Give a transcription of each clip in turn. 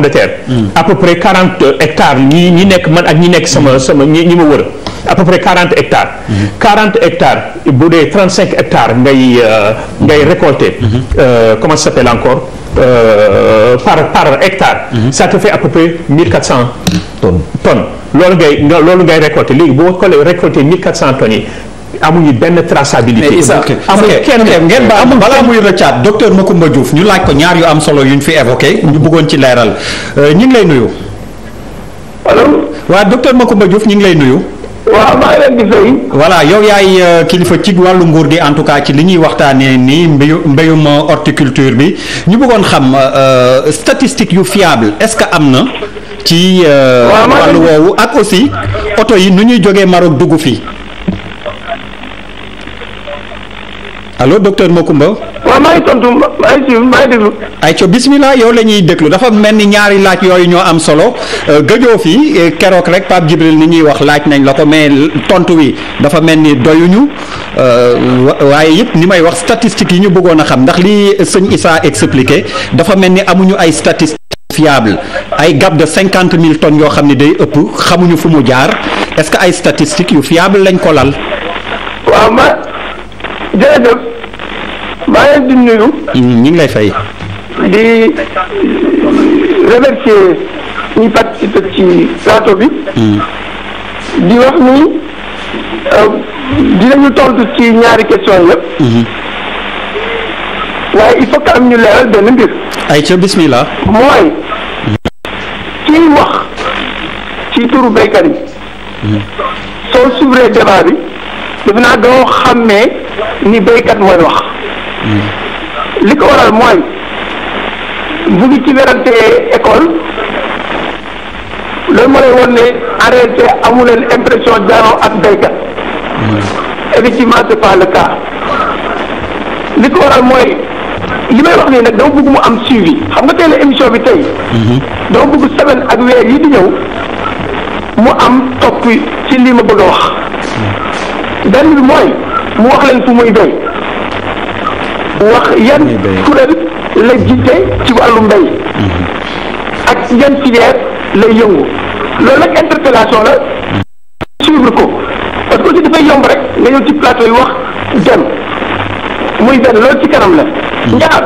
pomme de terre. à peu près ñi nekk man ak ñi nekk sama sama ñi ñi ma wër à peu près 40 hectares. 40 hectares bu dee 35 hectares ngay euh, ngay récolter. Euh, comment ça s'appelle encore euh, par par hectare. ça te fait à peu près 1400 tonnes tonnes loolu ngay loolu ngay récolter léegi boo xoolee récolter 1400 tonnes yi. amuñu benn traçabilité. mais amul kenn ngeen ba amul balaa muy rëccaat docteur Macoumba Diouf ñu laaj ko ñaar yu am solo yuñ fi évoqué ñu bëggoon ci leeral euh, ñu ngi lay nuyu. allo. waaw docteur Macoumba Diouf ñu ngi lay nuyu. waaw maa ngi leen di voilà yow yaay euh, kilifa ci wàllu nguur gi en tout cas ci li ñuy waxtaanee nii mbéyu mbéyum euh, horticulture bi ñu bëggoon xam statistique yu fiable est-ce que am na. ci wàllu woowu ak aussi oto yi nu ñuy jógee Maroc dugg fii. allo docteur Macoumba. waaw maa ngi tontu maa ngi suivre maa ngi yow lañuy déglu dafa mel ni ñaari laaj yooyu ñoo am solo euh, gëjoo fi euh, keroog rek Pape Djibril ni ñuy wax laaj nañ la ko mais tontu wi dafa mel ni doyuñu euh, waaye yëpp ni may wax statistiques yi ñu bëggoon a xam ndax li sëñ Issa expliqué dafa mel ni amuñu ay statistiques fiables ay gap de cinquante mille tonnes yoo xam ne day ëpp xamuñu fu mu jaar est-ce que ay statistiques yu fiable lañ ko lal. waaw ma jërëjëf maa ngi leen di nuyu. ñu ngi lay fay. di remercier ñi participer ci plateau bi. Hmm. di wax ni euh, dinañu tontu ci ñaari question yëpp. Hmm. waaye il faut que am ñu leeral benn mbir. ay ca bismillah. mooy. kiy wax ci turu béykat yi. Hmm. soo subree débat bi daf naa doo xàmmee. ni béykat mooy wax. li ko waral mooy mu ngi ci werante école loolu moo lay woon ne en réalité amu leen impression jaaroo ak baykat effectivement c'est pas le cas li ko waral mooy li may wax nii nag dama bëgg mu am suivi xam nga tey émission bi tey. dama bëgg semaine ak weer yi di ñëw mu am topp ci lii ma bëgg a wax. benn mooy. mu wax leen fu muy béy wax yan kuréel la jiite ci wàllu mbéy mm-hmm. ak yan filière lay yëngu loolu nag interpellation la suivre ko parce que aussi dafay yomb rek nga ñëw ci plateau yi wax dem muy benn loolu ci kanam la mm-hmm. ñaar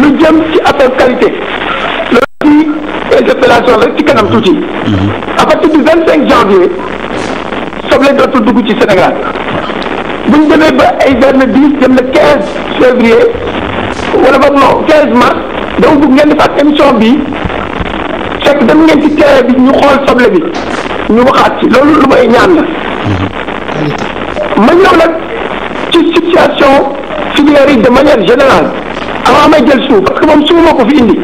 lu jëm ci affaire qualité loolu ci interpellation la ci kanam tuuti mm-hmm. à partir du vingt cinq janvier soble dootul dugg ci Sénégal bu ñu demee ba ay vers le dix jëm le quinze février wala boog non quinze mars dama bëgg ngeen di faat émission bi fekk dam ngeen ci terrain bi ñu xool soble bi ñu waxaat ci loolu lu may ñaan la. Mm-hmm. ma ñëw ci situation filière yi de manière générale avant a jël suuf parce que moom suuf moo ko fi indi.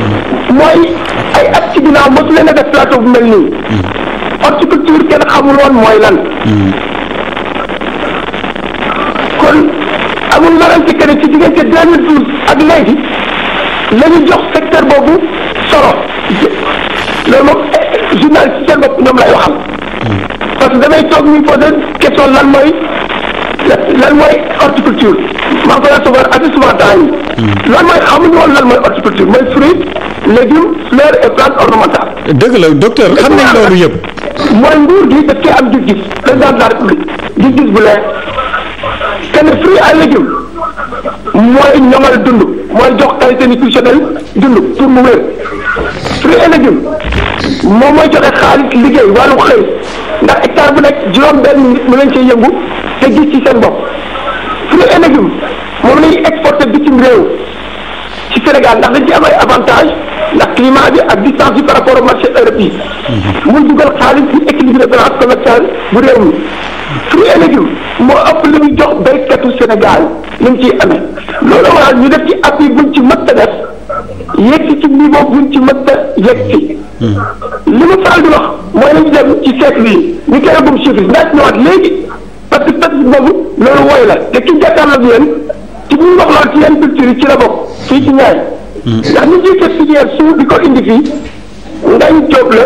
Mm-hmm. mooy ay at ci ginnaaw mosu leen a def plateau bu mel nii. Mm-hmm. horticulture kenn xamul woon mooy lan. ñu marante que ne ci diggante 2012 ak léegi la ñu jox secteur boobu solo loolu moom eh, journaliste ci seen bopp ñoom lay waxal. parce que damay toog ñu poser question lan mooy lan mooy horticulture maa ngi koy recevoir assez souvent temps yi. lan mooy xamuñu woon lan mooy horticulture mooy fruits légumes fleurs et plantes ornementales. dëgg la docteur xam nañ loolu yëpp. mooy nguur gi daf koy am gis-gis président de la république gis-gis bu leer que ne fruits et légumes. mooy ñoŋal dund mooy jox qualité nutritionnelle dund pour mu wér fruits moom mooy joxe xaalis liggéey wàllu xëy ndax hectare bu nekk juróom benn nit mu leen cee yëngu te gis ci seen bopp fruits et moom lañuy ñuy exporté bitim réew ci Sénégal ndax dañ ci am ay ndax climat bi ak distance bi par rapport au marché Europe yi. muy dugal xaalis ci équilibre balance commerciale bu réew mi. fruits et légumes moo ëpp li ñu jox béykatu Sénégal li mu ciy amee loolu waral ñu def ci appui buñ ci mënta def yegg ci niveau buñ ci mënta yegg ci. li ma faral di wax mooy lañu dem ci siècle yi ñu koy ëggum chiffre naaj ñëwaat léegi parce que tëj boobu loolu woy la te ki jàkkaarloo ak yéen ci bu ñu wax loolu ci yenn culture ci la bokk fii ci Niayes. ndax ñu ciy fekk filière suuf di ko indi fii Ngagne Diop la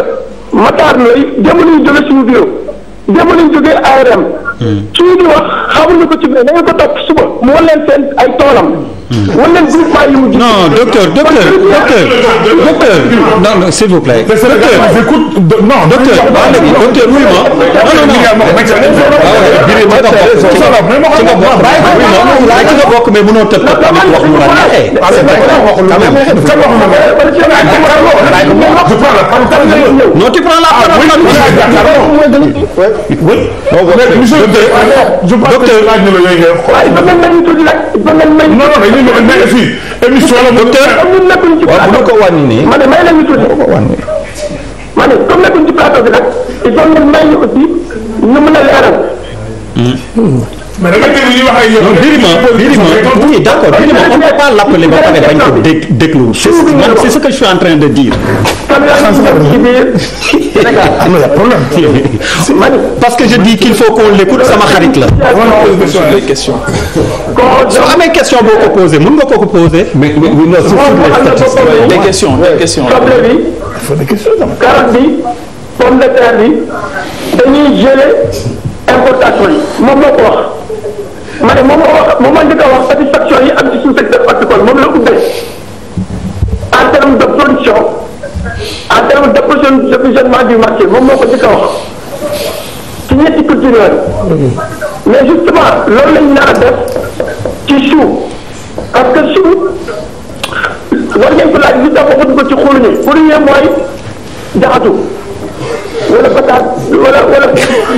Matar Ndoye démb nañu jóge suñu bureau démb nañu jóge ARM. kii hmm. di wax xamuñu ko ci biir nañu ko topp suba moo leen seen ay toolam. wala groupement yi mu gis. non docteur docteur docteur docteur non non s'il vous plaît. docteur non docteur waaw léegi docteur wuy ma. non non non ci nga bokk mais mënoo tëb tëb tamit wax lu la neexee. non tu prends la parole. je pense que laaj na la yooyu ngay xool. ba ngeen mel ni tuuti rek ba ngeen mel ni. non non dañuy ñëw nekk fii émission la docteur. ñun nekkuñ ci plateau waaw bu ñu ko wàññi nii. ma ne may leen ñu tuuti. ko wàññi. ma ne comme nekkuñ ci plateau bi nag il faut ngeen may ñu aussi ñu mën a leeral. Hmm. mais da nga déglu li wax ak yow. non Birima Birima oui d' accord Birima on ne peut pas l' appeler ba pare bañ ko dé déglu. c' est ce que je suis en train de dire. am na la problème. parce que je dis qu'il faut qu'on l'écoute sama xarit la. question. soo amee question boo ko posé mën nga ko ko posé. mais mais non surtout des questions des questions. carotte bi pomme de terre bi dañuy jëlee importation yi moom moo ko wax. ma ne moom moo wax moom moo njëkk a wax satisfaction yi am ci suñu secteur horticole moom la ubbee en de production en terme d'approvisionnement du marché moom moo ko njëkk a wax ci ñetti culture yooyu mais justement loolu lañ a def ci chou parce que war ngeen ko laaj li tax waxuñu ko ci xolu ni pour ñu mooy wala pataat wala wala.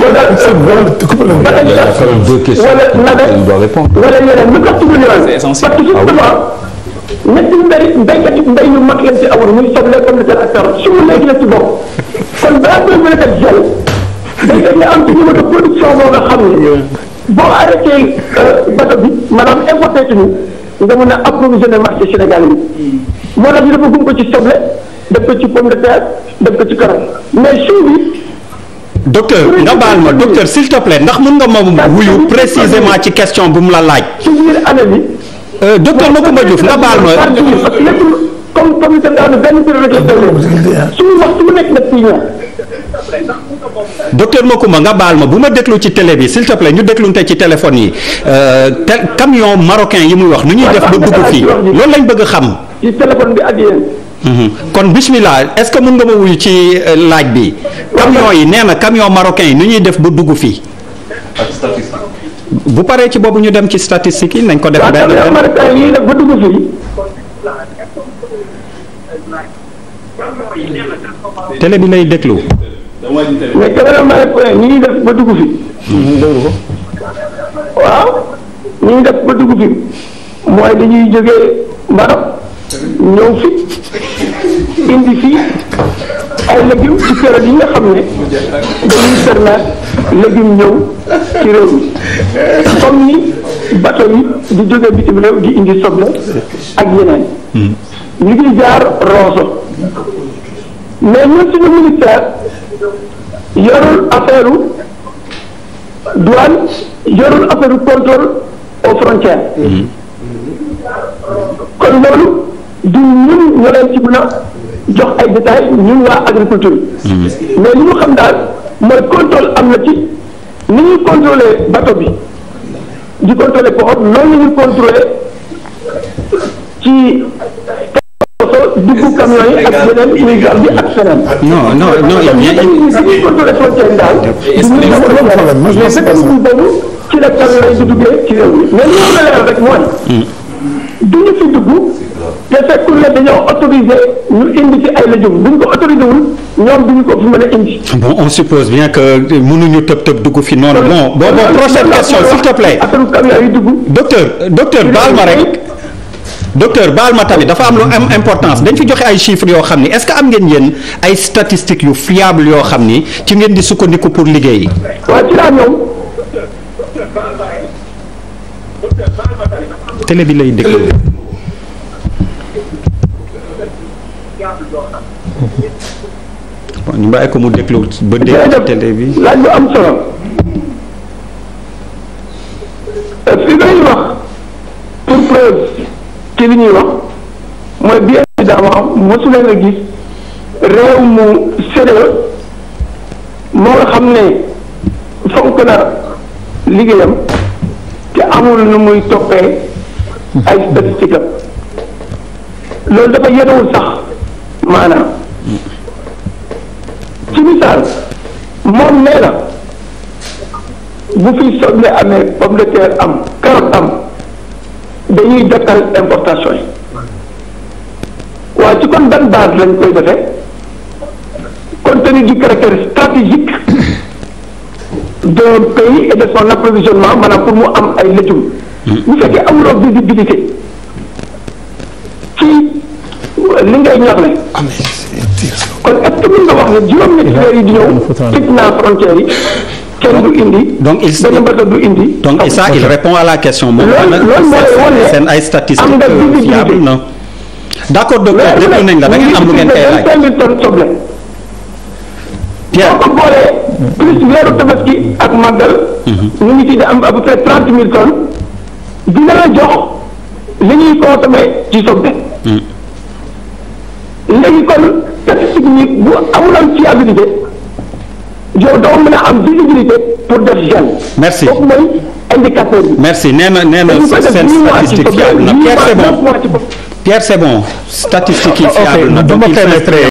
wala sa wala tukub la. wala ñu def wala ñeneen ñu toog tukul ñëwaat. c'est essentiel parce que souvent ñetti mbéy mbéykat yi mbéy yu mag lañ ci amoon muy soble comme ni ak carotte su ma léegi la ci bokk kon balaa koy mën a def gel day dañ am ci niveau de production boo nga xam ne boo arrêté bato bi maanaam importé ci ñu nga mën a approvisionner marché Sénégal yi moo tax ñu dafa gum ko ci soble. def ko ci pomme de terre def nga baal ma docteur s'il ndax mën nga ma wuyu précisément ci question bu mu la laaj. ci biir année bi. Euh, docteur Macoumba Diouf nga baal ma. parce que lépp comme nekk daf ciy ñëw. docteur nga baal ma bu ma déglu ci télé bi s'il te plaît ñu déglunte ci téléphone yi euh, te camion marocain yi muy wax ni ñuy def ba dugg fii loolu lañ bëgg xam. ci bi ak Mhm. kon bismillah est-ce que nga ma wuyu ci euh, laaj bi. camion yi nee na camion marocain yi ni ñuy def ba dugg fii. bu paree ci boobu ñu dem ci statistique yi nañ ko def. benn benn marocain yi def ba dugg fii. télé ñuy def ba dugg fii. ñu déglu ko. def ba dugg fii mooy dañuy jógee Maroc. ñëw fi indi fii ay légumes ci période yi nga xam ne dañuy permettre légumes ñëw ci réew mi comme ni yi di jóge bitim réew di indi soble ak yeneen ñu ngi jaar Rosso mais ñun suñu ministère yorul affaire douane yorul affaire contrôle aux frontières mm-hmm. kon du ñun ñoo leen ci mën a jox ay détails ñun waa agriculture. Mm-hmm. mais li ñu xam daal mooy contrôle am na ci ni ñuy contrôler bato bi di contrôler poxob loolu la ñuy contrôler ci. dugg camion yi ak yeneen muy gar bi ak feneen. non non non il y a dañuy contrôler frontière daal. est-ce que boobu ci la camion yi di duggee ci réew mi li ma la leeral rek mooy. du ñu fi dugg. te fekkul ne dañoo autorisé ñu indi ci ay lëjum bu ñu ko autorisé ñoom duñu ko fi mën indi. bon on suppose bien que mënuñu tëb tëb dugg fi noonu. bon bon prochaine question s'il te plaît. docteur docteur baal ma rek. docteur baal ma tamit dafa am lu am importance dañ fi joxe ay chiffres yoo xam ni est-ce que am ngeen yéen ay statistiques yu fiable yoo xam ni ci ngeen di sukkandiku pour liggéey. waaw ci laa ñëw. télé bi lay déglu. bon ñu bàyyi ko mu déglu ba dégg ci télé bi. laaj am solo. fi ngay wax pour preuve ci li wax mooy bien évidemment mosu leen a gis réew mu sérieux moo xam ne fonk na liggéeyam te amul nu muy toppee ay statistiques am loolu dafa yéenewul sax. maanaam ci misaal moom nee na bu fi soble amee pomme am carotte am dañuy dakkal importation yi waaye ci kon ban base lañ koy defee compte tenu du stratégique d'un pays et de son approvisionnement maanaam pour mu am ay légumes. bu fekkee amuloo visibilité ci li ngay ñaxle kon est-ce que mën nga wax ne juróom ñetti weer yi di ñëw tëj naa frontière yi kenn du indi. donc il il répond à la question. moom nag seen ay statistiques fiable na. d'accord docteur déglu nañ la da am lu ngeen koy laaj. bien boo ko boolee plus weeru tabaski ak màggal. Mhm. ñu ngi di am à près trente mille tonnes dina la jox li ñuy consommé ci soble. Mm. léegi kon statistique yi bu amuloon fiabilité yow doo mën a pour def jeune. merci kooku mooy indicateur bi. merci nee na nee na seen statistique fiable na Pierre c'est bon Pierre c'est bon fiable na donc il